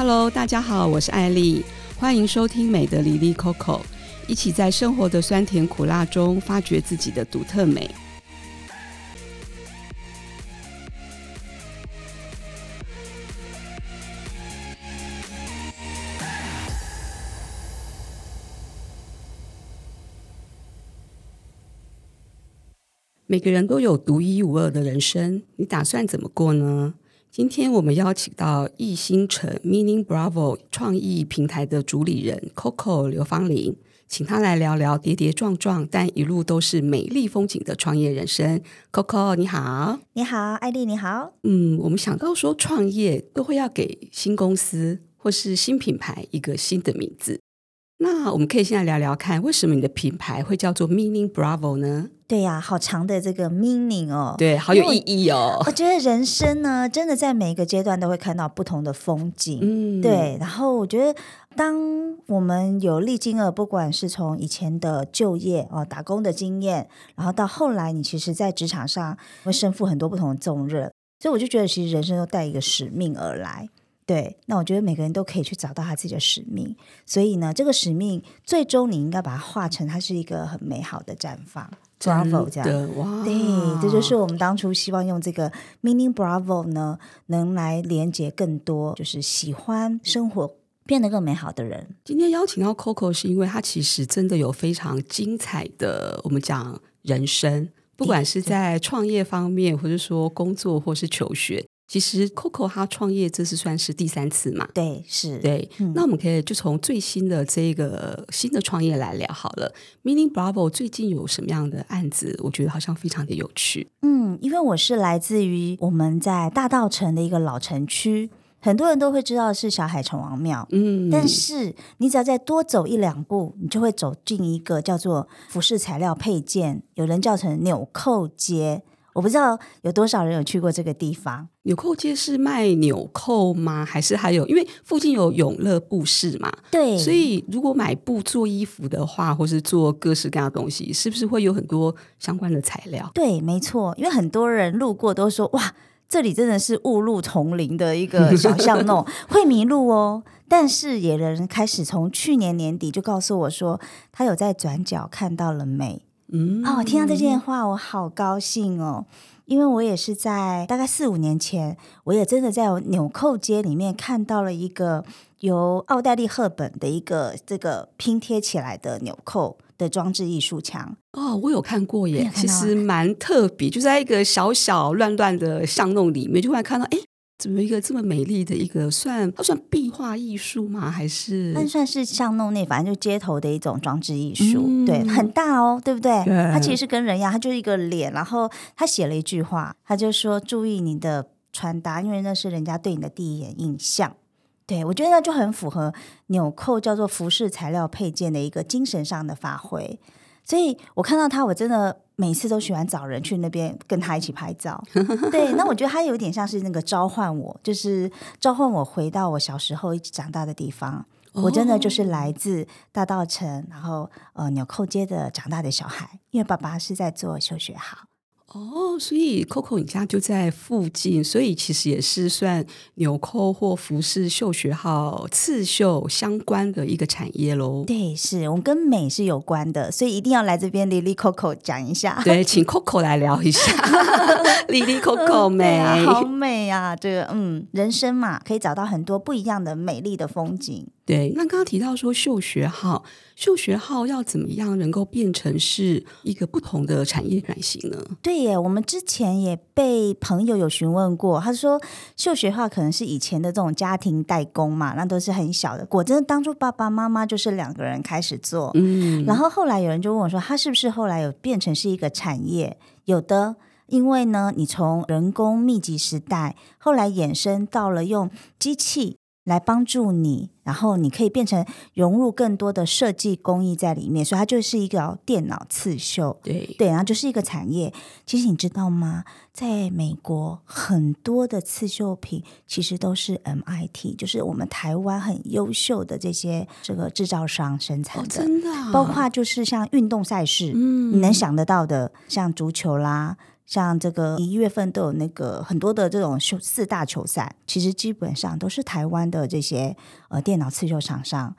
Hello，大家好，我是艾莉，歡迎收聽美的哩哩扣扣，一起在生活的酸甜苦辣中發掘自己的獨特美。每個人都有獨一無二的人生，你打算怎麼過呢？今天我們邀請到易星城 Meaning Bravo 創意平台的主理人 Coco 劉芳伶，請她來聊聊跌跌撞撞但一路都是美麗風景的創業人生。Coco 你好，你好，艾麗你好。嗯，我們想到說創業都會要給新公司或是新品牌一個新的名字，那我們可以先來聊聊看，為什麼你的品牌會叫做 Meaning Bravo 呢？對呀、啊，好長的這個 meaning 哦，對，好有意義哦。我覺得人生呢，真的在每一個階段都會看到不同的風景。嗯，對，然後我覺得，當我們有歷經了，不管是從以前的就業哦、打工的經驗，然後到後來，你其實，在職場上會身負很多不同的重任。所以我就覺得，其實人生都帶一個使命而來。對，那我覺得每個人都可以去找到他自己的使命。所以呢，這個使命最終你應該把它化成，它是一個很美好的綻放。Bravo，這樣。對，這就是我們當初希望用這個 Meaning Bravo 呢，能來連接更多，就是喜歡生活變得更美好的人。今天邀請到 Coco 是因為她其實真的有非常精彩的，我們講人生，不管是在創業方面，或者說工作，或者是求學。其實 Coco 她創業這次算是第三次嘛？對，是、嗯、對。那我們可以就從最新的這一個新的創業來聊好了。Meaning Bravo 最近有什麼樣的案子？我覺得好像非常的有趣。嗯，因為我是來自於我們在大稻埕的一個老城區，很多人都會知道是霞海城隍廟。嗯，但是你只要再多走一兩步，你就會走進一個叫做服飾材料配件，有人叫成紐扣街。我不知道有多少人有去過這個地方。紐扣街是賣紐扣嗎？還是還有？因為附近有永樂布市嘛，對，所以如果買布做衣服的話，或是做各式各樣的東西，是不是會有很多相關的材料？對，沒錯，因為很多人路過都說哇，這裡真的是誤入叢林的一個小巷弄， 會迷路哦。但是也有人開始從去年年底就告訴我說，他有在轉角看到了美。嗯，哦，聽到這件話，我好高興哦。因為我也是在大概四五年前，我也真的在紐扣街裡面看到了一個由奧黛麗·赫本的一個這個拼貼起來的紐扣的裝置藝術牆。哦，我有看過耶，其實蠻特別，就在一個小小亂亂的巷弄裡面，就突然看到哎。誒怎麼一個這麼美麗的一個算？不算壁畫藝術嗎？還是？那算是像弄那，反正就街頭的一種裝置藝術，嗯、對，很大哦，對不對？對，它其實是跟人一樣，它就是一個臉，然後他寫了一句話，他就說：“注意你的穿搭，因為那是人家對你的第一眼印象。對”對我覺得就很符合紐扣叫做服飾材料配件的一個精神上的發揮，所以我看到他，我真的。每次都喜歡找人去那邊跟他一起拍照， 對，那我覺得他有點像是那個召喚我，就是召喚我回到我小時候一起長大的地方。我真的就是來自大稻埕，然後呃紐扣街的長大的小孩，因為爸爸是在做繡學號。哦，oh, 所以 Coco 你家就在附近，所以其實也是算紐扣或服飾繡學號刺繡相關的一個產業嘍。對，是我們跟美是有關的，所以一定要來這邊哩哩扣扣講一下。對，請 Coco 來聊一下哩哩扣扣 美、哎，好美啊！這個嗯，人生嘛，可以找到很多不一樣的美麗的風景。對，那剛剛提到說繡學號，繡學號要怎麼樣能夠變成是一個不同的產業轉型呢？對耶，我們之前也被朋友有詢問過，他說繡學號可能是以前的這種家庭代工嘛，那都是很小的。我真的當初爸爸媽媽就是兩個人開始做，嗯，然後後來有人就問我說，他是不是後來有變成是一個產業？有的，因為呢，你從人工密集時代後來衍生到了用機器來幫助你。然後你可以變成融入更多的設計工藝在裡面，所以它就是一個電腦刺繡。對對，然後就是一個產業。其實你知道嗎？在美國，很多的刺繡品其實都是 MIT，就是我們台灣很優秀的這些這個制造商生產的，哦，真的啊？包括就是像運動賽事，嗯，你能想得到的，像足球啦。像這個一月份都有那個很多的這種繡，四大球賽，其實基本上都是台灣的這些呃電腦刺繡廠商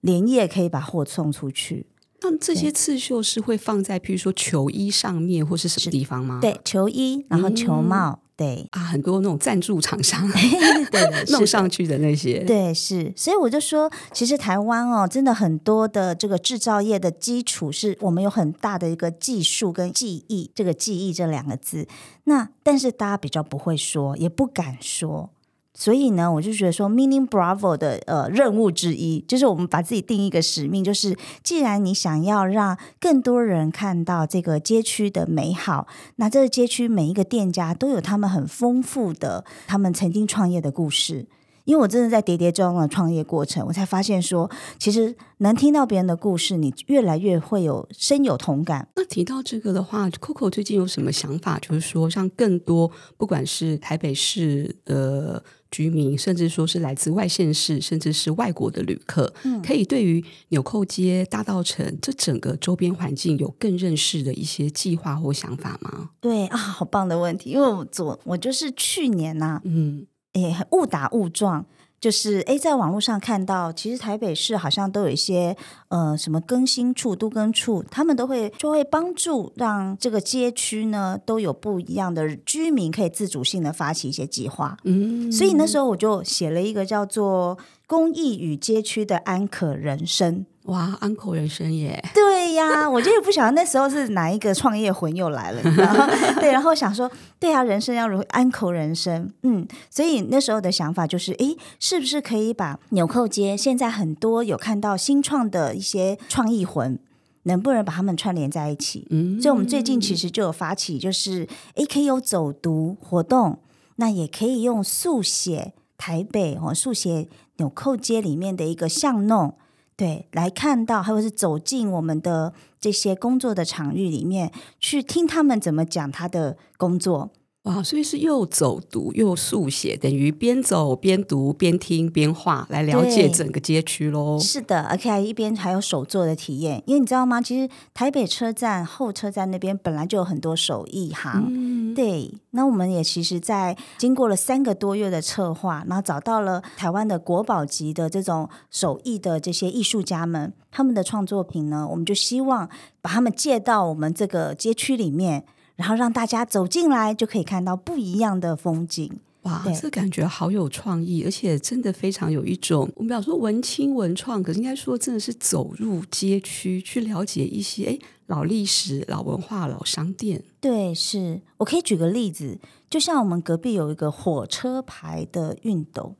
連夜可以把貨送出去。那這些刺繡是會放在譬對如說球衣上面或是什麼地方嗎？對，球衣，然後球帽。嗯對啊，很多那種贊助廠商 對，對弄上去的那些，對是，所以我就說，其實台灣哦，真的很多的這個製造業的基礎，是我們有很大的一個技術跟技藝，這個技藝這兩個字，那但是大家比較不會說，也不敢說。所以呢，我就覺得說，Meaning Bravo 的呃任務之一，就是我們把自己定一個使命，就是既然你想要讓更多人看到這個街區的美好，那這個街區每一個店家都有他們很豐富的他們曾經創業的故事。因為我真的在跌跌撞撞的創業過程，我才發現說，其實能聽到別人的故事，你越來越會有深有同感。那提到這個的話，Coco 最近有什麼想法，就是說讓更多不管是台北市呃居民，甚至說是來自外縣市，甚至是外國的旅客，嗯、可以對於紐扣街、大稻埕這整個周邊環境有更認識的一些計劃或想法嗎？對啊，好棒的問題，因為我昨我就是去年吶、啊，嗯。誒，誤打誤撞，就是誒，在網絡上看到，其實台北市，好像都有一些呃什麼更新處、都更處，他們都會就會幫助讓這個街區呢，都有不一樣的居民可以自主性的發起一些計劃。嗯，嗯，嗯，所以那時候我就寫了一個叫做。公益與街區的安可人生，哇！安可人生耶！對呀，我就是不曉得那時候是哪一個創業魂又來了， 對，然後想說，對呀，人生要如安可人生，嗯，所以那時候的想法就是，哎，是不是可以把紐扣街現在很多有看到新創的一些創意魂，能不能把他們串聯在一起？嗯，嗯，嗯，所以我們最近其實就有發起，就是哎，可以有走讀活動，那也可以用速寫台北和，哦、速寫。紐扣街裡面的一個巷弄，對，來看到，或者是走進我們的這些工作的場域裡面，去聽他們怎麼講他的工作。哇，所以是又走讀又速寫，等於邊走邊讀邊聽邊畫，來了解整個街區嘍？是的，而、OK, 且一邊還有手作的體驗，因為你知道嗎？其實台北車站後車站那邊本來就有很多手藝行。嗯、對，那我們也其實，在經過了三個多月的策劃，然後找到了台灣的國寶級的這種手藝的這些藝術家們，他們的創作品呢，我們就希望把他們借到我們這個街區裡面。然後讓大家走進來，就可以看到不一樣的風景。哇，對這感覺好有創意，而且真的非常有一種我們要說文青文創，可是應該說真的是走入街區去了解一些哎老歷史、老文化、老商店。對，是我可以舉個例子，就像我們隔壁有一個火車牌的熨斗。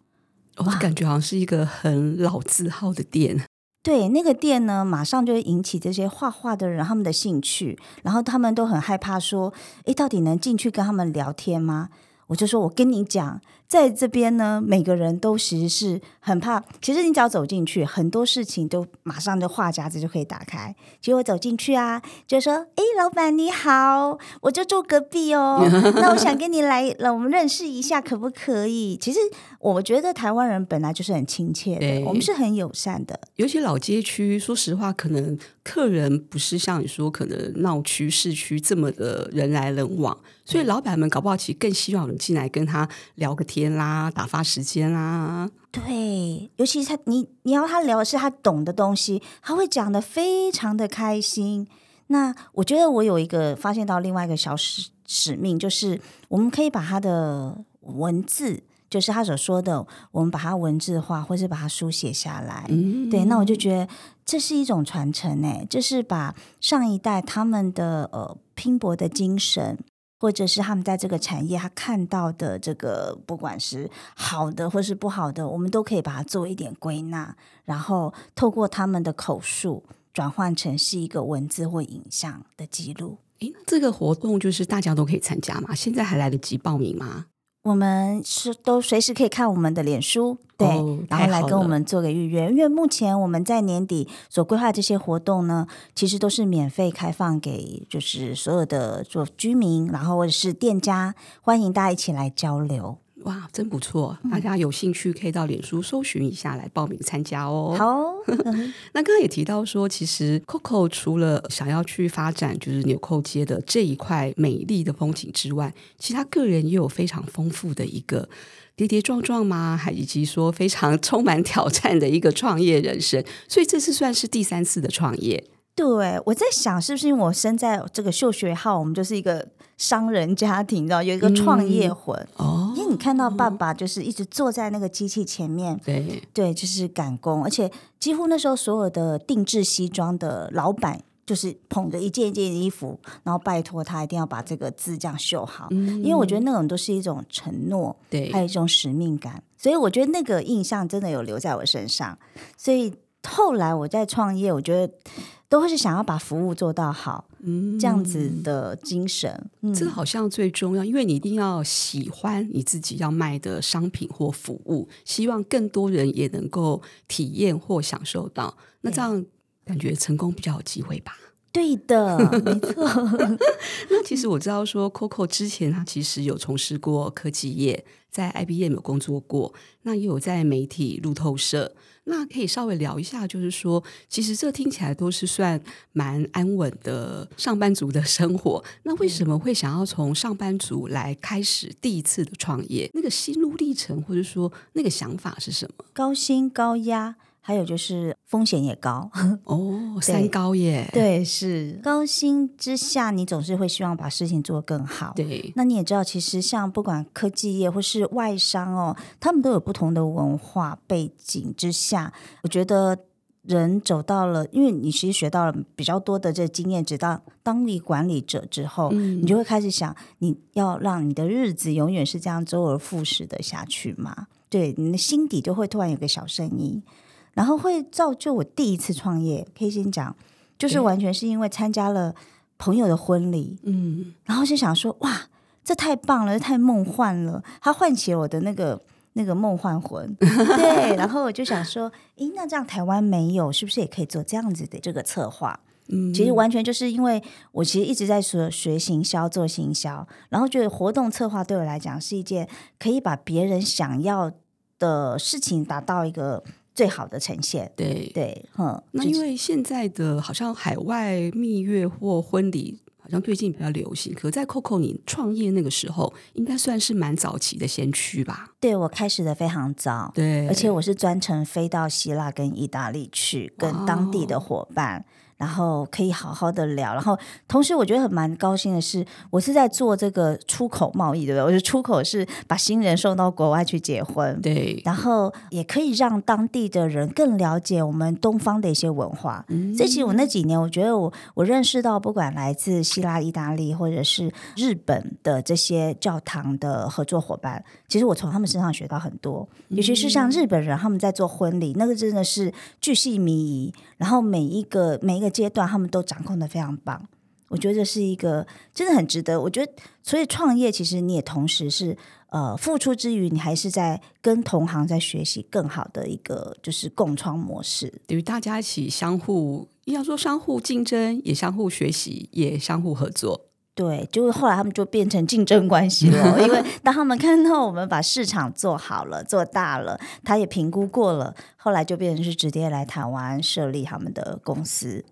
哦、哇，感覺好像是一個很老字號的店。對那個店呢，馬上就會引起這些畫畫的人，他們的興趣，然後他們都很害怕說，誒，到底能進去跟他們聊天嗎？我就說，我跟你講。在這邊呢，每個人都其實是很怕。其實你只要走進去，很多事情都馬上就話匣子就可以打開。結果走進去啊，就說：“哎、欸，老闆你好，我就住隔壁哦。 那我想跟你來，讓我們認識一下，可不可以？”其實我覺得台灣人本來就是很親切的，對我們是很友善的。尤其老街區，說實話，可能客人不是像你說，可能鬧區、市區這麼的人來人往，對所以老闆們搞不好其實更希望你進來跟他聊個天。天啦，打發時間啦、啊！對，尤其是他，你你要他聊的是他懂的東西，他會講得非常的開心。那我覺得我有一個發現到另外一個小使使命，就是我們可以把他的文字，就是他所說的，我們把他文字化，或是把他書寫下來。嗯嗯對，那我就覺得這是一種傳承呢，就是把上一代他們的呃拼搏的精神，或者是他們在這個產業他看到的這個，不管是好的或是不好的，我們都可以把它做一點歸納，然後透過他們的口述轉換成是一個文字或影像的記錄。哎，那這個活動就是大家都可以參加嗎？現在還來得及報名嗎？我們是都隨時可以看我們的臉書，對，哦，然後來跟我們做個預約。因為目前我們在年底所規劃的這些活動呢，其實都是免費開放給就是所有的做居民，然後或者是店家，歡迎大家一起來交流。哇，真不錯！大家有興趣可以到臉書搜尋一下，來報名參加哦。好哦， 那剛剛也提到說，其實 Coco 除了想要去發展就是紐扣街的這一塊美麗的風景之外，其他個人也有非常豐富的一個跌跌撞撞嘛，還以及說非常充滿挑戰的一個創業人生，所以這次算是第三次的創業。對，我在想是不是因為我生在這個繡學號，我們就是一個商人家庭，你知道有一個創業魂、嗯、哦。因為你看到爸爸就是一直坐在那個機器前面，嗯、對，對，就是趕工，而且幾乎那時候所有的定製西裝的老闆就是捧着一件一件衣服，然後拜託他一定要把這個字這樣繡好，嗯、因為我覺得那種都是一種承諾，對，還有一種使命感，所以我覺得那個印象真的有留在我身上。所以後來我在創業，我覺得。都會是想要把服務做到好，嗯，這樣子的精神，嗯，這個好像最重要，因為你一定要喜歡你自己要賣的商品或服務，希望更多人也能夠體驗或享受到，那這樣感覺成功比較有機會吧。嗯對的，沒錯。那 其實我知道說 Coco 之前他其實有從事過科技業，在 IBM 有工作過，那也有在媒體路透社。那可以稍微聊一下，就是說，其實這聽起來都是算蠻安穩的上班族的生活。那為什麼會想要從上班族來開始第一次的創業？那個心路歷程，或者說那個想法是什麼？高薪高壓。還有就是風險也高 哦，三高耶。對、對，是高薪之下，你總是會希望把事情做得更好。對，那你也知道，其實像不管科技業或是外商哦，他們都有不同的文化背景之下。我覺得人走到了，因為你其實學到了比較多的這經驗，直到當你管理者之後，嗯、你就會開始想，你要讓你的日子永遠是這樣周而復始的下去嘛？對，你的心底就會突然有個小聲音。然後會造就我第一次創業，可以先講，就是完全是因為參加了朋友的婚禮，嗯，然後就想說，哇，這太棒了，這太夢幻了，他喚起了我的那個那個夢幻魂， 對，然後我就想說，誒，那這樣台灣沒有，是不是也可以做這樣子的這個策劃？嗯，其實完全就是因為我其實一直在說學行銷做行銷，然後覺得活動策劃對我來講是一件可以把別人想要的事情達到一個。最好的呈現，對對，嗯，那因為現在的好像海外蜜月或婚禮好像最近比較流行，可是在 Coco 你創業那個時候，應該算是蠻早期的先驅吧？對，我開始得非常早，對，而且我是專程飛到希臘跟意大利去，跟當地的夥伴。然後可以好好的聊，然後同時我覺得很蠻高興的是，我是在做這個出口貿易，對不對？我覺得出口是把新人送到國外去結婚，對，然後也可以讓當地的人更了解我們東方的一些文化。這、嗯、其實我那幾年，我覺得我我認識到，不管來自希臘、意大利或者是日本的這些教堂的合作夥伴，其實我從他們身上學到很多，嗯、尤其是像日本人，他們在做婚禮，那個真的是巨細靡遺，然後每一個每一個階段，他們都掌控得非常棒，我覺得這是一個真的很值得。我覺得，所以創業其實你也同時是呃付出之餘，你還是在跟同行在學習更好的一個就是共創模式，對於大家一起相互要說相互競爭，也相互學習，也相互合作。對，就是後來他們就變成競爭關係了， 因為當他們看到我們把市場做好了、做大了，他也評估過了，後來就變成是直接來台灣設立他們的公司。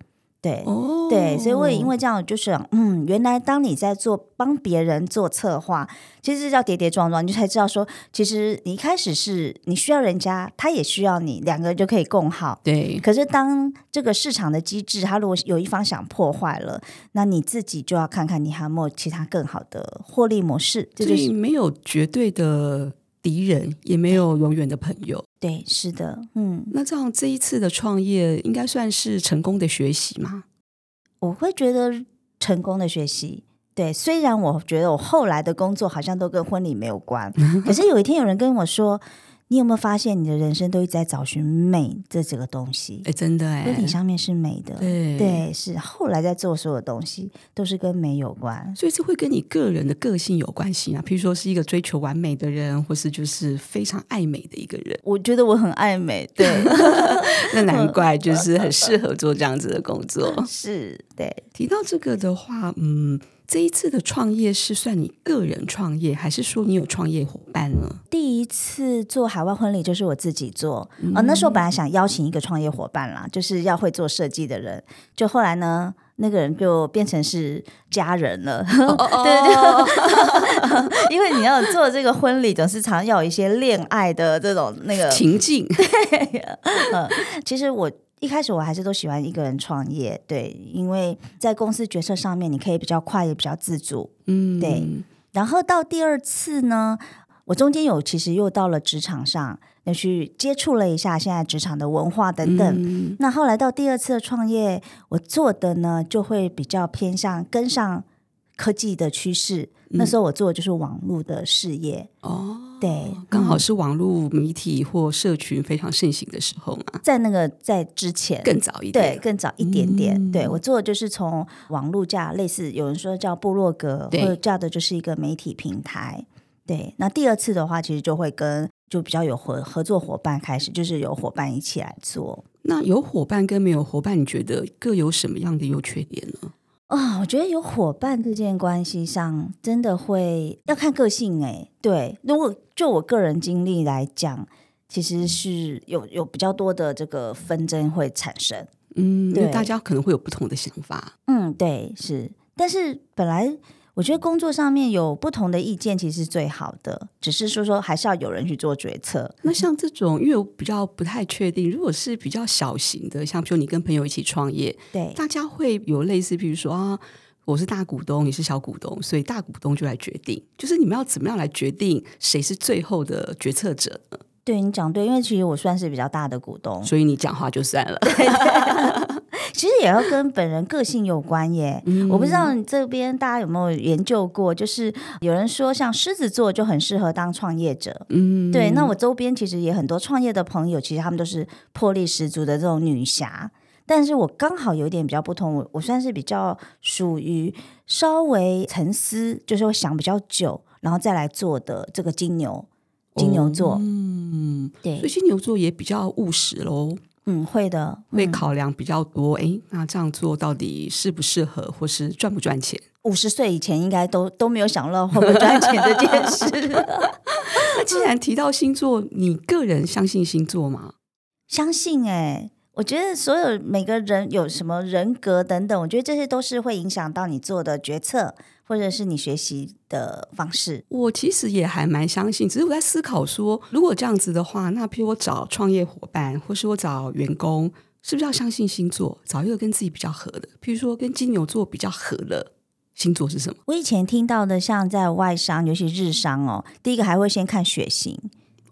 對，oh. 對，所以我也因為這樣，就是嗯，原來當你在做幫別人做策劃，其實這叫跌跌撞撞，你就才知道說，其實你一開始是你需要人家，他也需要你，兩個人就可以共好。對，可是當這個市場的機制，他如果有一方想破壞了，那你自己就要看看你還有沒有其他更好的獲利模式。這就，就是沒有絕對的。敵人也沒有永遠的朋友。對，對，是的，嗯，那這樣這一次的創業應該算是成功的學習嗎？我會覺得成功的學習。對，雖然我覺得我後來的工作好像都跟婚禮沒有關， 可是有一天有人跟我說。你有沒有發現，你的人生都一直在找尋美這幾個東西？哎、欸，真的，欸，哎，身體上面是美的，對，對，是後來在做所有東西都是跟美有關，所以這會跟你個人的個性有關係啊。譬如說，是一個追求完美的人，或是就是非常愛美的一個人。我覺得我很愛美，對， 那難怪就是很適合做這樣子的工作， 是對。提到這個的話，嗯，這一次的創業是算你個人創業，還是說你有創業夥伴呢？第一次做海外婚禮就是我自己做，嗯、呃，那時候我本來想邀請一個創業夥伴啦，就是要會做設計的人，就後來呢，那個人就變成是家人了。對，哦哦哦哦、 因為你要做這個婚禮，總是常要有一些戀愛的這種那個情境。嗯、呃，其實我。一開始我還是都喜歡一個人創業，對，因為在公司決策上面你可以比較快，也比較自主，嗯，對。然後到第二次呢，我中間有其實又到了職場上，也去接觸了一下現在職場的文化等等。嗯、那後來到第二次創業，我做的呢就會比較偏向跟上科技的趨勢。那時候我做的就是網絡的事業、嗯、哦。對，嗯，剛好是網絡媒體或社群非常盛行的時候嘛，在那個在之前更早一點，對，更早一點點。嗯，對，我做的就是從網絡架，類似有人說叫部落格，或者架的就是一個媒體平台。對，對，那第二次的話，其實就會跟就比較有合合作夥伴開始，就是有夥伴一起來做。那有夥伴跟沒有夥伴，你覺得各有什麼樣的優缺點呢？啊、哦，我覺得有夥伴之間關係上，真的會要看個性哎、欸。對，如果就我個人經歷來講，其實是有有比較多的這個紛爭會產生。嗯，對，因為大家可能會有不同的想法。嗯，對，是。但是本來。我覺得工作上面有不同的意見，其實是最好的。只是說，說還是要有人去做決策。那像這種，因為我比較不太確定，如果是比較小型的，像比如你跟朋友一起創業，對，大家會有類似，比如說啊，我是大股東，你是小股東，所以大股東就來決定，就是你們要怎麼樣來決定誰是最後的決策者呢？對，你講對，因為其實我算是比較大的股東，所以你講話就算了 其實也要跟本人個性有關耶。嗯、我不知道你這邊大家有沒有研究過，就是有人說像獅子座就很適合當創業者，嗯，對。那我周邊其實也很多創業的朋友，其實他們都是魄力十足的這種女俠。但是我剛好有點比較不同，我我算是比較屬於稍微沉思，就是我想比較久，然後再來做的這個金牛。金牛座，哦、嗯，對，所以金牛座也比較務實嘍。嗯，會的，嗯、會考量比較多。哎，那這樣做到底適不適合，或是賺不賺錢？五十歲以前應該都都沒有想到會不賺錢這件事。 那既然提到星座，嗯、你個人相信星座嗎？相信、欸，哎，我覺得所有每個人有什麼人格等等，我覺得這些都是會影響到你做的決策。或者是你學習的方式，我其實也還蠻相信。只是我在思考說，如果這樣子的話，那譬如我找創業夥伴，或是我找員工，是不是要相信星座？找一個跟自己比較合的，譬如說跟金牛座比較合的星座是什麼？我以前聽到的，像在外商，尤其日商哦，第一個還會先看血型。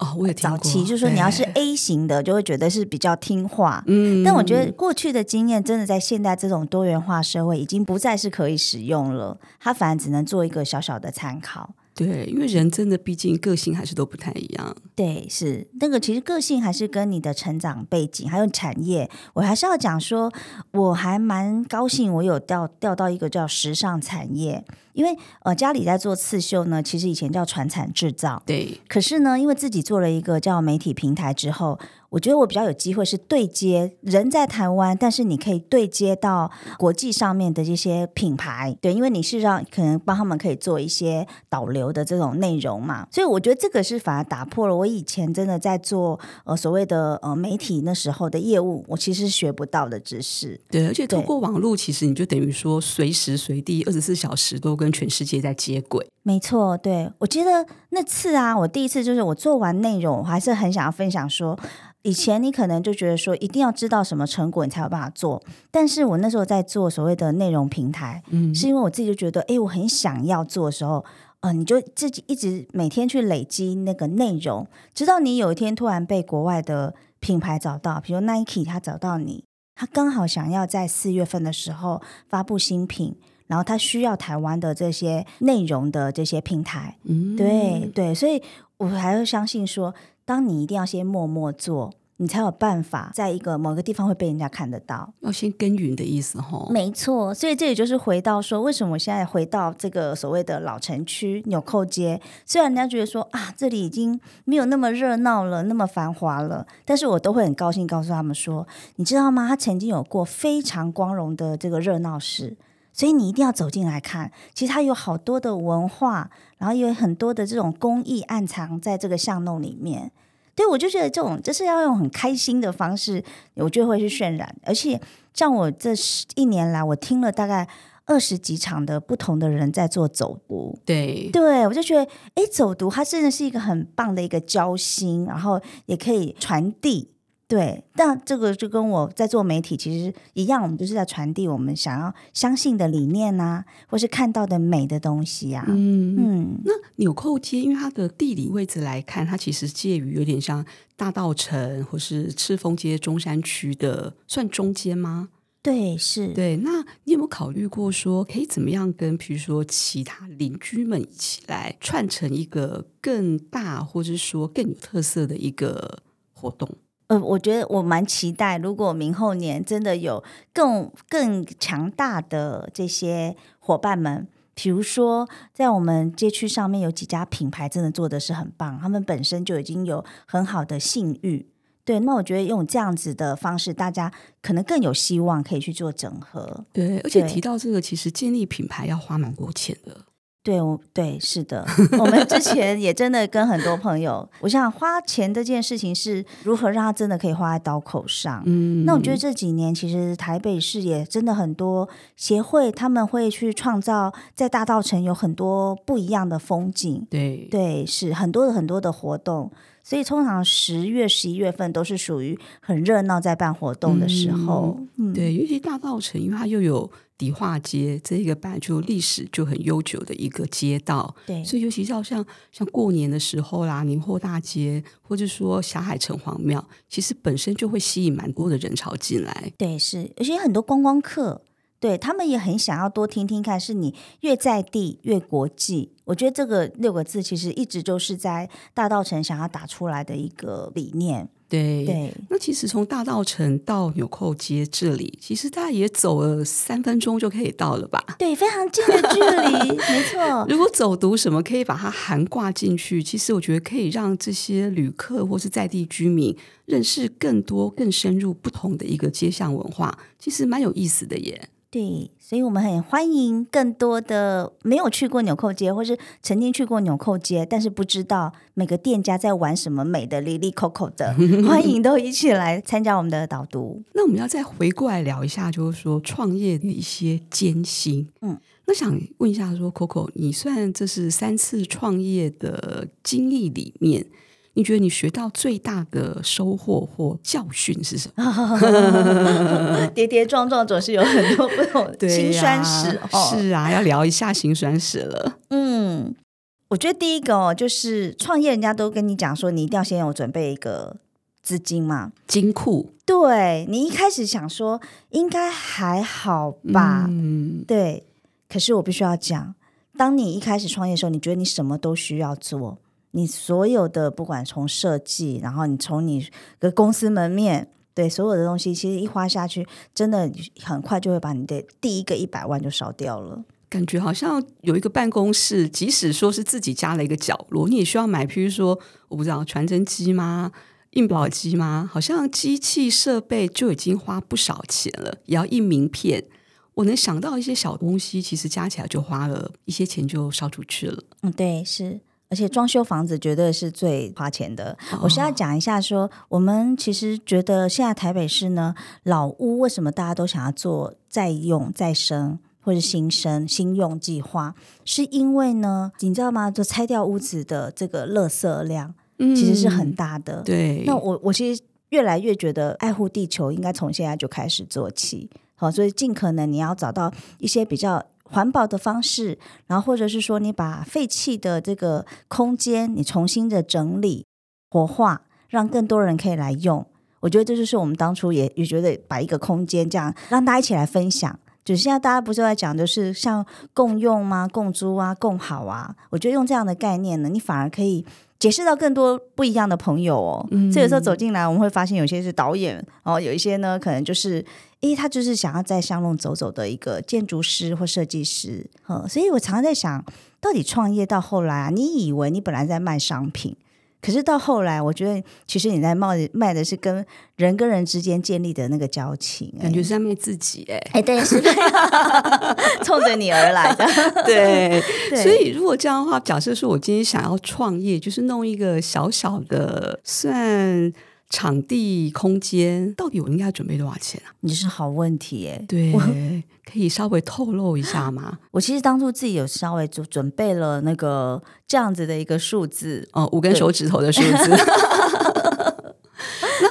哦、早期就是說你要是 A 型的，對就會覺得是比較聽話。嗯，但我覺得過去的經驗，真的在現代這種多元化社會，已經不再是可以使用了。它反而只能做一個小小的參考。對，因為人真的畢竟個性還是都不太一樣。對，是那個其實個性還是跟你的成長背景還有產業，我還是要講說，我還蠻高興，我有調調到一個叫時尚產業，因為呃家裡在做刺繡呢，其實以前叫傳產製造，對，可是呢，因為自己做了一個叫媒體平台之後，我覺得我比較有機會是對接人在台灣，但是你可以對接到國際上面的這些品牌，對，因為你是讓可能幫他們可以做一些導流的這種內容嘛，所以我覺得這個是反而打破了。我以前真的在做呃所謂的呃媒體那時候的業務，我其實學不到的知識。對，而且通過網絡，對其實你就等於說，隨時隨地、二十四小時都跟全世界在接軌。沒錯，對我記得那次啊，我第一次就是我做完內容，我還是很想要分享說，以前你可能就覺得說一定要知道什麼成果你才有辦法做，但是我那時候在做所謂的內容平台，嗯，是因為我自己就覺得，哎，我很想要做的時候。嗯，你就自己一直每天去累積那個內容，直到你有一天突然被國外的品牌找到，比如 Nike，他找到你，他剛好想要在四月份的時候發布新品，然後他需要台灣的這些內容的這些平台。嗯，對對，所以我還會相信說，當你一定要先默默做。你才有辦法在一個某個地方會被人家看得到，要先耕耘的意思哈。沒錯，所以這也就是回到說，為什麼我現在回到這個所謂的老城區紐扣街。雖然人家覺得說啊，這裡已經沒有那麼熱鬧了，那麼繁華了，但是我都會很高興告訴他們說，你知道嗎？它曾經有過非常光榮的這個熱鬧史，所以你一定要走進來看。其實它有好多的文化，然後也有很多的這種工藝暗藏在這個巷弄裡面。對，我就覺得這種就是要用很開心的方式，我就會去渲染。而且像我這一年來，我聽了大概二十幾場的不同的人在做走讀。對。對，我就覺得，哎，走讀它真的是一個很棒的一個交心，然後也可以傳遞。對，但這個就跟我在做媒體其實一樣，我們就是在傳遞我們想要相信的理念吶、啊，或是看到的美的東西啊。嗯嗯。嗯，那紐扣街，因為它的地理位置來看，它其實介於有點像大稻埕或是赤峰街中山區的，算中間嗎？對，是對。那你有沒有考慮過說，可以怎麼樣跟，比如說其他鄰居們一起來串成一個更大，或者是說更有特色的一個活動？我覺得我蠻期待，如果明後年真的有更更強大的這些夥伴們，比如說在我們街區上面有幾家品牌真的做的是很棒，他們本身就已經有很好的信譽。對，那我覺得用這樣子的方式，大家可能更有希望可以去做整合。對，而且提到這個，對其實建立品牌要花蠻多錢的。對，我對是的， 我們之前也真的跟很多朋友，我想，想花錢這件事情是如何讓它真的可以花在刀口上。嗯，那我覺得這幾年其實台北市也真的很多協會，他們會去創造在大稻埕有很多不一樣的風景。對，對，是很多的很多的活動。所以通常十月、十一月份都是屬於很熱鬧在辦活動的時候，嗯嗯、對，尤其大稻埕，因為它又有迪化街這一個本來就歷史就很悠久的一個街道，對，所以尤其是像像過年的時候啦，年貨大街，或者說霞海城隍廟，其實本身就會吸引蠻多的人潮進來，對，是，而且很多觀光客。對，他們也很想要多聽聽看，是你越在地越國際。我覺得這個六個字其實一直就是在大稻埕想要打出來的一個理念。對對，對那其實從大稻埕到紐扣街這裡，其實大概也走了三分鐘就可以到了吧？對，非常近的距離， 沒錯。如果走讀什麼，可以把它涵括進去。其實我覺得可以讓這些旅客或是在地居民認識更多、更深入不同的一個街巷文化，其實蠻有意思的耶。對，所以，我們很歡迎更多的沒有去過紐扣街，或是曾經去過紐扣街，但是不知道每個店家在玩什麼美的哩哩扣扣的，歡迎都一起來參加我們的導讀。 那我們要再回過來聊一下，就是說創業的一些艱辛。嗯，那想問一下說，說 Coco，你算這是三次創業的經歷裡面？你覺得你學到最大的收穫或教訓是什麼？哈哈哈哈哈！跌跌撞撞總是有很多不同的辛，辛酸史。是啊，要聊一下辛酸史了。嗯，我覺得第一個哦，就是創業，人家都跟你講說，你一定要先有準備一個資金嘛，金庫。對，你一開始想說應該還好吧？嗯，對，可是我必須要講，當你一開始創業的時候，你覺得你什麼都需要做。你所有的，不管從設計，然後你從你的公司門面對所有的東西，其實一花下去，真的很快就會把你的第一個一百萬就燒掉了。感覺好像有一個辦公室，即使說是自己加了一個角落，你也需要買，譬如說我不知道傳真機嗎？印表機嗎？好像機器設備就已經花不少錢了。也要印名片，我能想到一些小東西，其實加起來就花了一些錢，就燒出去了。嗯，對，是。而且裝修房子絕對是最花錢的。哦、我是要講一下說，說我們其實覺得現在台北市呢，老屋為什麼大家都想要做再用、再生或者新生、新用計劃，是因為呢，你知道嗎？就拆掉屋子的這個垃圾量其實是很大的。嗯、對，那我我其實越來越覺得愛護地球應該從現在就開始做起。好，所以盡可能你要找到一些比較。環保的方式，然後或者是說，你把廢棄的這個空間，你重新的整理、活化，讓更多人可以來用。我覺得這就是我們當初也也覺得，把一個空間這樣讓大家一起來分享。就是現在大家不是在講，就是像共用嘛、啊、共租啊、共好啊。我覺得用這樣的概念呢，你反而可以。解釋到更多不一樣的朋友哦，這個、嗯、時候走進來，我們會發現有些是導演，哦，有一些呢，可能就是，哎，他就是想要在巷弄走走的一個建築師或設計師。所以，我常常在想到底創業到後來、啊，你以為你本來在賣商品？可是到後來，我覺得其實你在賣賣的是跟人跟人之間建立的那個交情，感覺是在賣自己哎、欸，哎，對，是 衝着你而來的， 對。對，所以如果這樣的話，假設說我今天想要創業，就是弄一個小小的算。場地空間到底我應該準備多少錢啊？你是好問題耶、欸。對，我可以稍微透露一下嗎？我其實當初自己有稍微就準備了那個這樣子的一個數字，哦，五根手指頭的數字。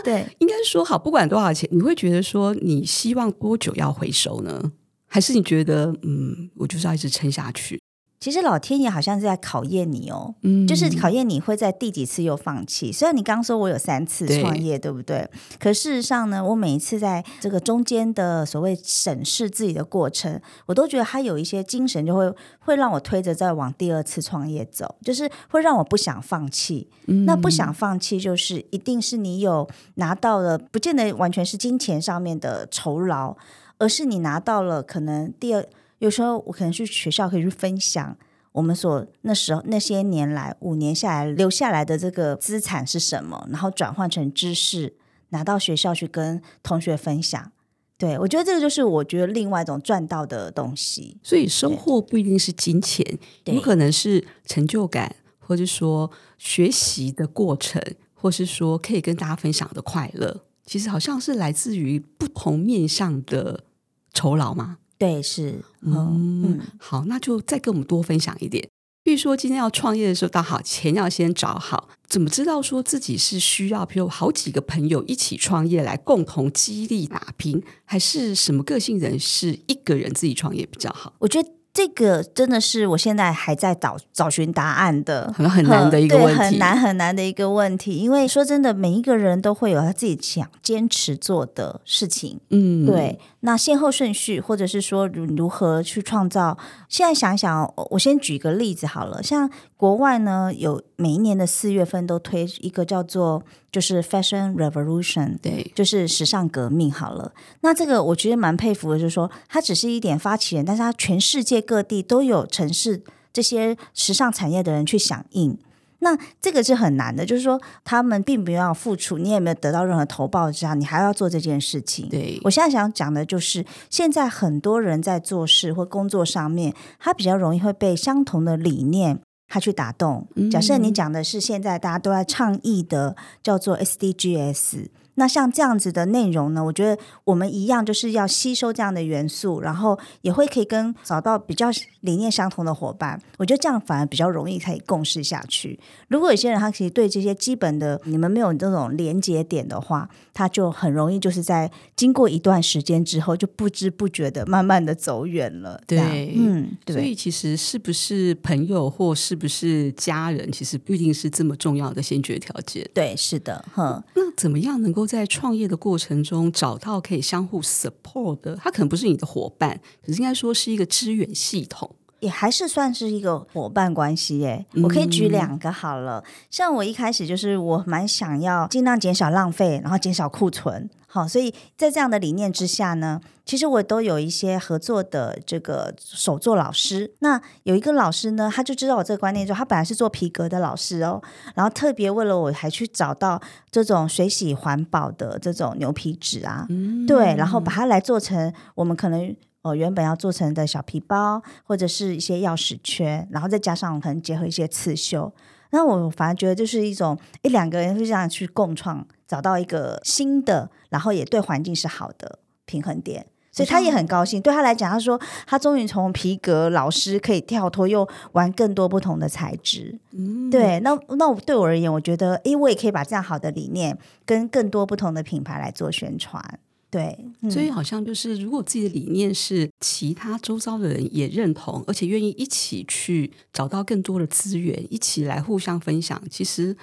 對，應該說好，不管多少錢，你會覺得說你希望多久要回收呢？還是你覺得嗯，我就是要一直撐下去？其實老天爺好像是在考驗你哦，嗯，就是考驗你會在第幾次又放棄。雖然你剛說我有三次創業，對，對不對？可事實上呢，我每一次在這個中間的所謂審視自己的過程，我都覺得他有一些精神就會會讓我推着再往第二次創業走，就是會讓我不想放棄。嗯，那不想放棄，就是一定是你有拿到了，不見得完全是金錢上面的酬勞，而是你拿到了可能第二。有時候我可能去學校，可以去分享我們所那時候那些年來五年下來留下來的這個資產是什麼，然後轉換成知識拿到學校去跟同學分享。對，我覺得這個就是我覺得另外一種賺到的東西。所以收穫不一定是金錢，對對，有可能是成就感，或者說學習的過程，或是說可以跟大家分享的快樂。其實好像是來自於不同面向的酬勞嗎？對，是嗯，嗯嗯，好，那就再跟我們多分享一點。比如說，今天要創業的時候，倒好，錢要先找好。怎麼知道說自己是需要，比如好幾個朋友一起創業來共同激勵打拼，還是什麼個性人是一個人自己創業比較好？我覺得這個真的是我現在還在找找尋答案的，很很難的一個問題，很難很難的一個問題。因為說真的，每一個人都會有他自己想堅持做的事情，嗯，對。那先後順序，或者是說如何去創造？現在想想，我先舉個例子好了。像國外呢，有每一年的四月份都推一個叫做就是 Fashion Revolution，對，就是時尚革命。好了，那這個我覺得蠻佩服的，就是說它只是一點發起人，但是它全世界各地都有城市這些時尚產業的人去響應。那這個是很難的，就是說他們並沒有付出，你也沒有得到任何投報之下，你還要做這件事情。對。我現在想講的就是，現在很多人在做事或工作上面，他比較容易會被相同的理念他去打動。假設你講的是現在大家都在倡議的、嗯、叫做 SDGs。那像這樣子的內容呢，我覺得我們一樣就是要吸收這樣的元素，然後也會可以跟找到比較理念相同的夥伴。我覺得這樣反而比較容易可以共事下去。如果有些人他其實對這些基本的你們沒有這種連接點的話，他就很容易就是在經過一段時間之後就不知不覺的慢慢的走遠了，對，嗯，對。所以其實是不是朋友或是不是家人，其實不一定是這麼重要的先決條件。對，是的，哼。嗯怎麼樣能夠在創業的過程中找到可以相互 support 的。他可能不是你的夥伴，可是應該說是一個支援系統，也還是算是一個夥伴關係。耶，我可以舉兩個好了，嗯、像我一開始就是我蠻想要盡量減少浪費，然後減少庫存。好、哦，所以在這樣的理念之下呢？其實我都有一些合作的這個手作老師。那有一個老師呢，他就知道我這個觀念，就他本來是做皮革的老師哦，然後特別為了我還去找到這種水洗環保的這種牛皮紙啊，嗯、對，然後把它來做成我們可能哦、呃、原本要做成的小皮包或者是一些鑰匙圈，然後再加上我可能結合一些刺繡。那我反而覺得就是一種，哎，兩個人會這樣去共創，找到一個新的，然後也對環境是好的平衡點，所以他也很高興。對他來講，他說他終於從皮革老師可以跳脫，又玩更多不同的材質。嗯，對，那那對我而言，我覺得，哎，我也可以把這樣好的理念跟更多不同的品牌來做宣傳。對，嗯、所以好像就是，如果自己的理念是其他周遭的人也認同，而且願意一起去找到更多的資源，一起來互相分享，其實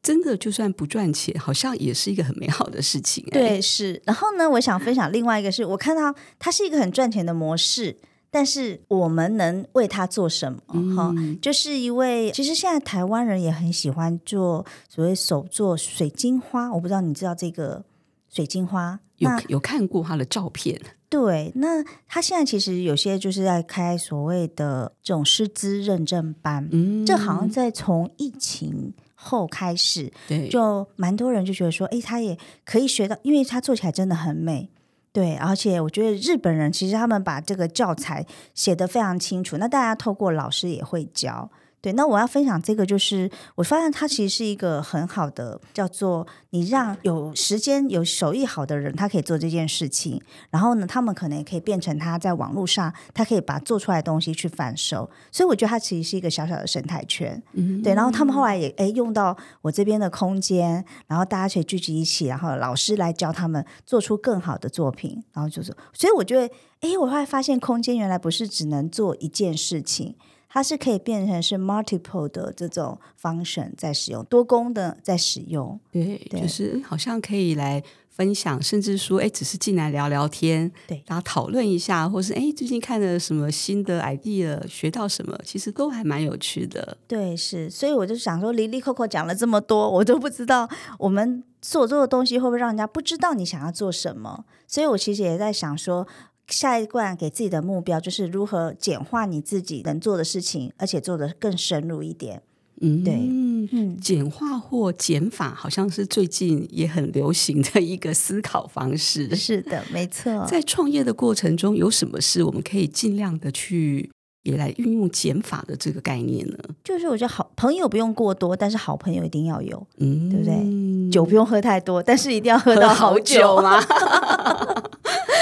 真的就算不賺錢，好像也是一個很美好的事情、欸。對，是。然後呢，我想分享另外一個是，是 我看到它是一個很賺錢的模式，但是我們能為它做什麼？哈、嗯哦，就是一位，其實現在台灣人也很喜歡做所謂手做水晶花，我不知道你知道這個水晶花。有，那有看過他的照片，對。那他現在其實有些就是在開所謂的這種師資認證班，嗯、這好像在從疫情後開始，對，就蠻多人就覺得說，哎，他也可以學到，因為他做起來真的很美，對。而且我覺得日本人其實他們把這個教材寫得非常清楚，那大家透過老師也會教。對，那我要分享這個，就是我發現它其實是一個很好的，叫做你讓有時間、有手藝好的人，他可以做這件事情。然後呢，他們可能也可以變成他在網絡上，他可以把做出來的東西去反收。所以我覺得它其實是一個小小的生態圈。對，然後他們後來也誒用到我這邊的空間，然後大家可以聚集一起，然後老師來教他們做出更好的作品。然後就是，所以我覺得誒，我後來發現空間原來不是只能做一件事情。它是可以變成是 multiple 的這種 function 在使用，多功的在使用。對，對，就是好像可以來分享，甚至說，哎，只是進來聊聊天，對，然後討論一下，或是哎，最近看了什麼新的 idea，學到什麼，其實都還蠻有趣的。對，是，所以我就想說，哩哩扣扣講了這麼多，我都不知道我們所做，做的東西會不會讓人家不知道你想要做什麼。所以我其實也在想說。下一罐給自己的目標就是如何簡化你自己能做的事情，而且做得更深入一點。嗯，對，嗯，簡化或減法好像是最近也很流行的一個思考方式。是的，沒錯。在創業的過程中，有什麼事我們可以盡量的去也來運用減法的這個概念呢？就是我覺得好朋友不用過多，但是好朋友一定要有，嗯，對不對？酒不用喝太多，但是一定要喝到好，喝好酒嘛。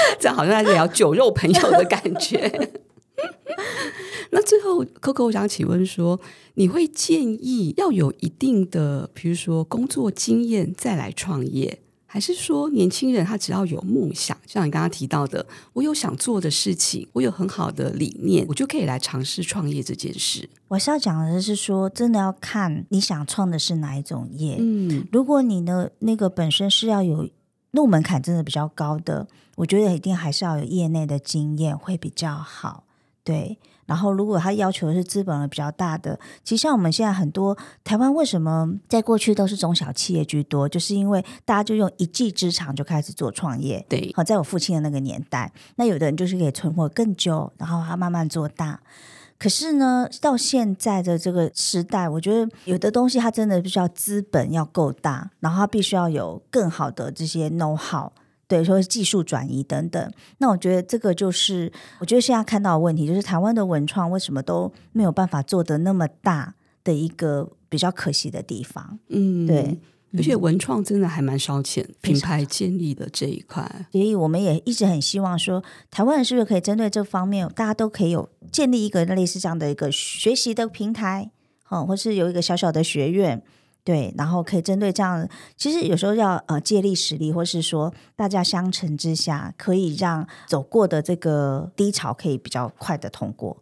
這好像在聊酒肉朋友的感覺。 那最後，Coco，我想請問說，你會建議要有一定的，比如說工作經驗再來創業，還是說年輕人他只要有夢想，像你剛剛提到的，我有想做的事情，我有很好的理念，我就可以來嘗試創業這件事？我是要講的是說，真的要看你想創的是哪一種業。嗯，如果你的那個本身是要有入門檻，真的比較高的。我覺得一定還是要有業內的經驗會比較好，對。然後如果他要求的是資本比較大的，其實像我們現在很多台灣為什麼在過去都是中小企業居多，就是因為大家就用一技之長就開始做創業，對。好，在我父親的那個年代，那有的人就是可以存活更久，然後他慢慢做大。可是呢，到現在的這個時代，我覺得有的東西它真的必須要資本要夠大，然後它必須要有更好的這些 know-how。對，說技術轉移等等，那我覺得這個就是，我覺得現在看到的問題就是，台灣的文創為什麼都沒有辦法做得那麼大的一個比較可惜的地方，嗯，對，而且文創真的還蠻燒錢，嗯，品牌建立的這一塊，所以我們也一直很希望說，台灣人是不是可以針對這方面，大家都可以有建立一個類似這樣的一個學習的平台，嗯，或是有一個小小的學院。對，然後可以針對這樣，其實有時候要呃借力使力，或是說大家相乘之下，可以讓走過的這個低潮可以比較快的通過。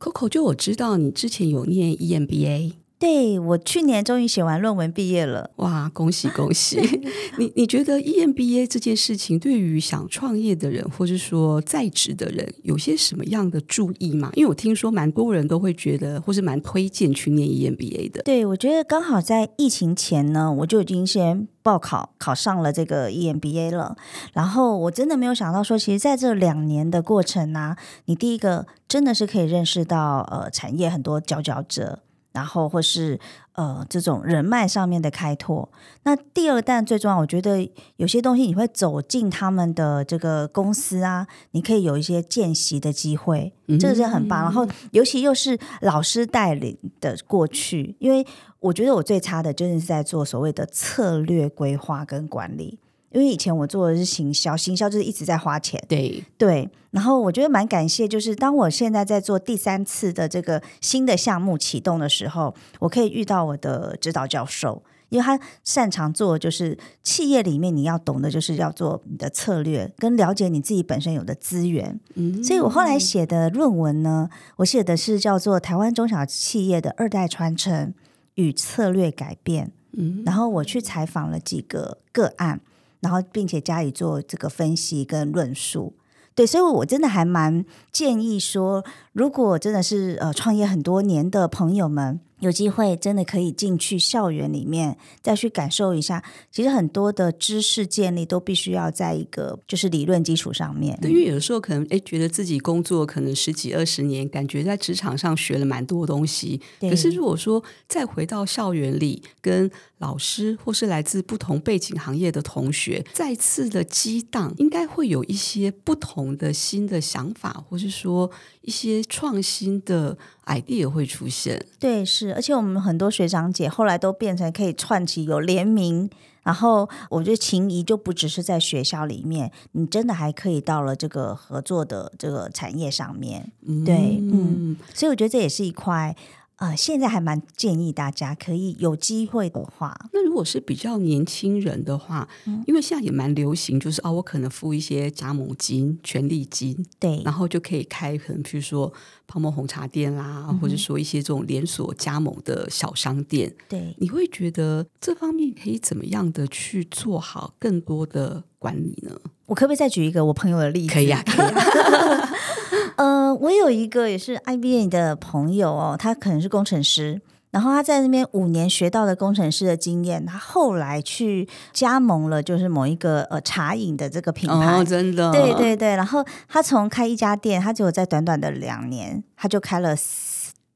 Coco，就我知道你之前有念 EMBA。對，我去年終於寫完論文畢業了，哇，恭喜恭喜！ 對你你覺得 EMBA 這件事情對於想創業的人，或是說在職的人，有些什麼樣的注意嗎？因為我聽說蠻多人都會覺得，或是蠻推薦去念 EMBA 的。對，我覺得剛好在疫情前呢，我就已經先報考，考上了這個 EMBA 了，然後我真的沒有想到說，其實在這兩年的過程呢、啊，你第一個真的是可以認識到呃產業很多佼佼者。然後或是呃這種人脈上面的開拓，那第二但最重要，我覺得有些東西你會走進他們的這個公司啊，你可以有一些見習的機會，這個是很棒。嗯、哼然後尤其又是老師帶領的過去，因為我覺得我最差的就是在做所謂的策略規劃跟管理。因為以前我做的是行銷，行銷就是一直在花錢。對對，然後我覺得蠻感謝，就是當我現在在做第三次的這個新的項目啟動的時候，我可以遇到我的指導教授，因為他擅長做就是企業裡面你要懂的，就是要做你的策略跟了解你自己本身有的資源。嗯哼，所以我後來寫的論文呢，我寫的是叫做《台灣中小企業的二代傳承與策略改變》。嗯哼，然後我去採訪了幾個個案。然後，並且加以做這個分析跟論述，對，所以我真的還蠻建議說，如果真的是呃創業很多年的朋友們。有機會真的可以進去校園裡面，再去感受一下。其實很多的知識建立都必須要在一個就是理論基礎上面。對，因為有的時候可能哎，覺得自己工作可能十幾二十年，感覺在職場上學了蠻多東西。對可是如果說再回到校園裡，跟老師或是來自不同背景行業的同學再次的激盪，應該會有一些不同的新的想法，或是說一些創新的 Idea 也會出現，對，是，而且我們很多學長姐後來都變成可以串起有聯名，然後我覺得情誼就不只是在學校裡面，你真的還可以到了這個合作的這個產業上面，嗯、對，嗯，所以我覺得這也是一塊。呃，現在還蠻建議大家可以有機會的話，那如果是比較年輕人的話，嗯、因為現在也蠻流行，就是啊、哦，我可能付一些加盟金、權利金，對，然後就可以開，可能譬如說泡沫紅茶店啦，嗯、哼或者說一些這種連鎖加盟的小商店。對，你會覺得這方面可以怎麼樣的去做好更多的管理呢？我可不可以再舉一個我朋友的例子？可以啊，可以啊。 呃，我有一個也是 IBM 的朋友哦，他可能是工程師，然後他在那邊五年學到的工程師的經驗，他後來去加盟了，就是某一個呃茶飲的這個品牌，哦，真的，對對對，然後他從開一家店，他只有在短短的兩年，他就開了四。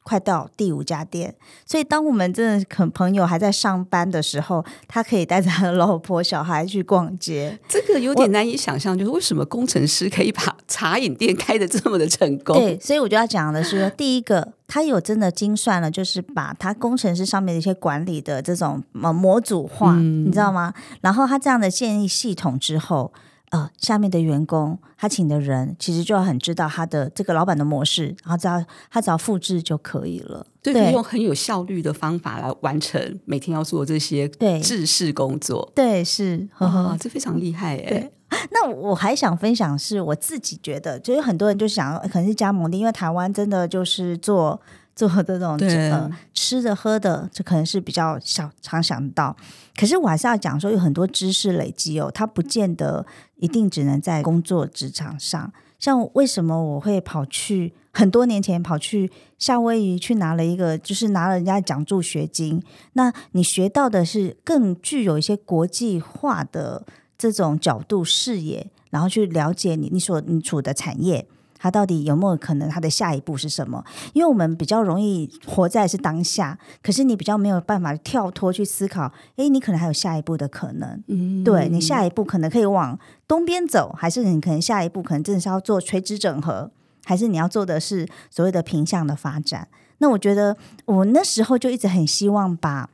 快到第五家店，所以當我們真的可朋友還在上班的時候，他可以帶着他的老婆小孩去逛街，這個有點難以想象，我就是為什麼工程師可以把茶飲店開得這麼的成功？對，所以我就要講的是說，第一個他有真的精算了，就是把他工程師上面的一些管理的這種模模組化，嗯、你知道嗎？然後他這樣的建議系統之後。呃，下面的員工他請的人，其實就要很知道他的這個老闆的模式，然後只要他只要複製就可以了。對，用很有效率的方法來完成每天要做這些對制式工作。對，對，是呵呵，這非常厲害欸。那我，我還想分享是我自己覺得，就有很多人就想要，可能是加盟店，因為台灣真的就是做。做這種對呃，吃的喝的，這可能是比較小常想到。可是我還是要講說，有很多知識累積哦，它不見得一定只能在工作職場上。像為什麼我會跑去很多年前跑去夏威夷去拿了一個，就是拿了人家獎助學金。那你學到的是更具有一些國際化的這種角度視野，然後去了解你你所你處的產業。他到底有沒有可能？他的下一步是什麼？因為我們比較容易活在是當下，可是你比較沒有辦法跳脫去思考。誒，你可能還有下一步的可能。嗯，對，你下一步可能可以往東邊走，還是你可能下一步可能真的是要做垂直整合，還是你要做的是所謂的平向的發展？那我覺得，我那時候就一直很希望把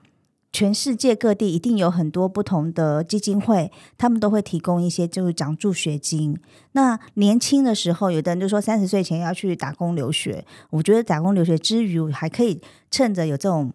全世界各地一定有很多不同的基金會，他們都會提供一些，就是獎助學金。那年輕的時候，有的人就說三十歲前要去打工留學。我覺得打工留學之餘，我還可以趁着有這種。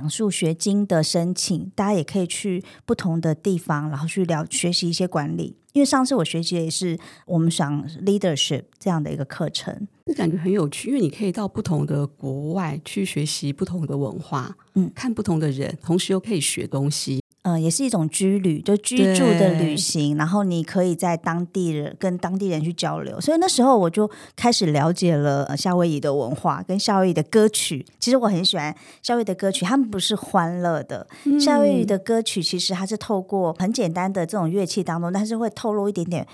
講述學金的申請，大家也可以去不同的地方，然後去聊學習一些管理。因為上次我學習的也是我們想 leadership 這樣的一個課程，就感覺很有趣，因為你可以到不同的國外去學習不同的文化，嗯，看不同的人，同時又可以學東西。嗯、呃，也是一種居旅，就居住的旅行，對然後你可以在當地人跟當地人去交流，所以那時候我就開始了解了夏威夷的文化跟夏威夷的歌曲。其實我很喜歡夏威夷的歌曲，他們不是歡樂的，嗯、夏威夷的歌曲其實它是透過很簡單的這種樂器當中，但是會透露一點點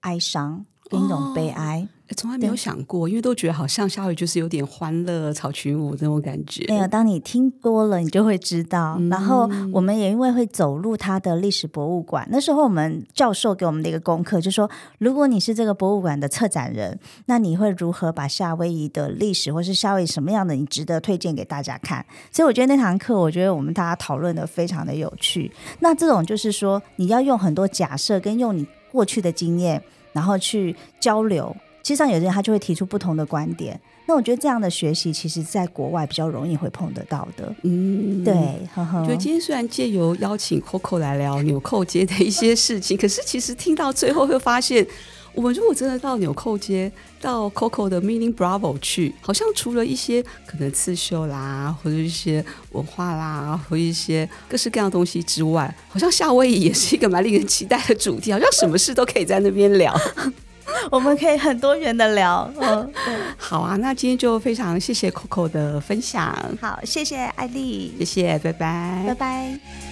哀傷跟一種悲哀。哦從來沒有想過，對因為都覺得好像夏威夷就是有點歡樂、草裙舞那種感覺。沒有，當你聽多了，你就會知道。嗯、然後我們也因為會走入他的歷史博物館。那時候我們教授給我們的一個功課，就是，說如果你是這個博物館的策展人，那你會如何把夏威夷的歷史，或是夏威夷什麼樣的你值得推薦給大家看？所以我覺得那堂課，我覺得我們大家討論得非常的有趣。那這種就是說，你要用很多假設，跟用你過去的經驗，然後去交流。其實，有些人他就會提出不同的觀點。那我覺得這樣的學習，其實在國外比較容易會碰得到的。嗯，對。所以今天雖然借由邀請 Coco 來聊紐扣街的一些事情， 可是其實聽到最後會發現，我們如果真的到紐扣街，到 Coco 的 Meaning Bravo 去，好像除了一些可能刺繡啦，或者一些文化啦，或者一些各式各樣的東西之外，好像夏威夷也是一個蠻令人期待的主題。好像什麼事都可以在那邊聊。 我們可以很多元的聊，嗯、哦，好啊，那今天就非常謝謝 Coco 的分享，好，謝謝艾麗，謝謝，拜拜，拜拜。